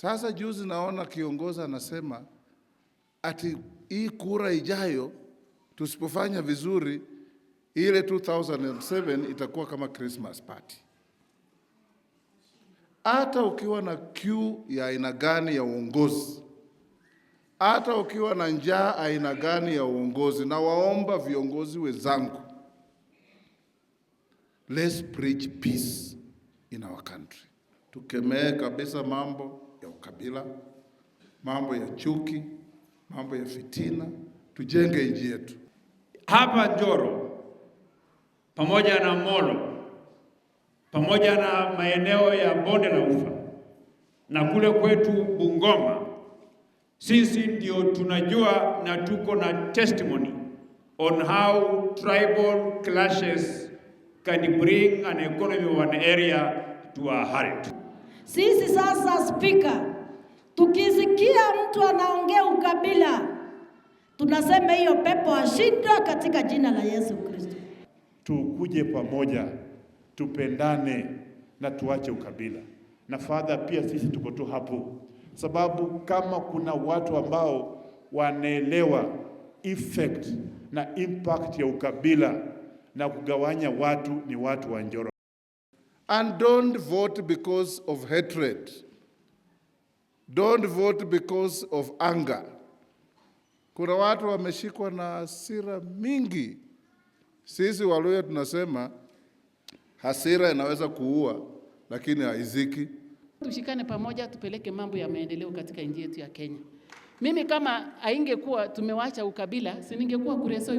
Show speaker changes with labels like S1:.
S1: Sasa juzi naona kiongozi anasema ati hii kura ijayo tusipofanya vizuri ile 2007 itakuwa kama Christmas party. Hata ukiwa na kiu ya aina gani ya uongozi, hata ukiwa na njaa aina gani ya uongozi, na waomba viongozi wenzangu, let's preach peace in our country, tukemee kabisa mambo ya ukabila, mambo ya chuki, mambo ya fitina. Tujenge nchi yetu.
S2: Hapa Njoro pamoja na Molo pamoja na maeneo ya bonde la Ufa na kule kwetu Bungoma, sisi ndio tunajua na tuko na testimony on how tribal clashes can bring an economy of an area to a heritage.
S3: Sisi sasa, Spika, tukisikia mtu anaongea ukabila, tunasema hiyo pepo ashindwa katika jina la Yesu Kristo.
S1: Tukuje pamoja, tupendane na tuache ukabila. Na Fadha, pia sisi tuko tu hapo, sababu kama kuna watu ambao wanaelewa effect na impact ya ukabila na kugawanya watu, ni watu wa Njoro. And don't vote because of hatred. Don't vote because of anger. Kuna watu wameshikwa na hasira mingi. Sisi Waluya tunasema hasira inaweza kuua, lakini haiziki.
S4: Tushikane pamoja, tupeleke mambo ya maendeleo katika nchi yetu ya Kenya. Mimi kama aingekuwa tumewacha ukabila, siningekuwa kuresoi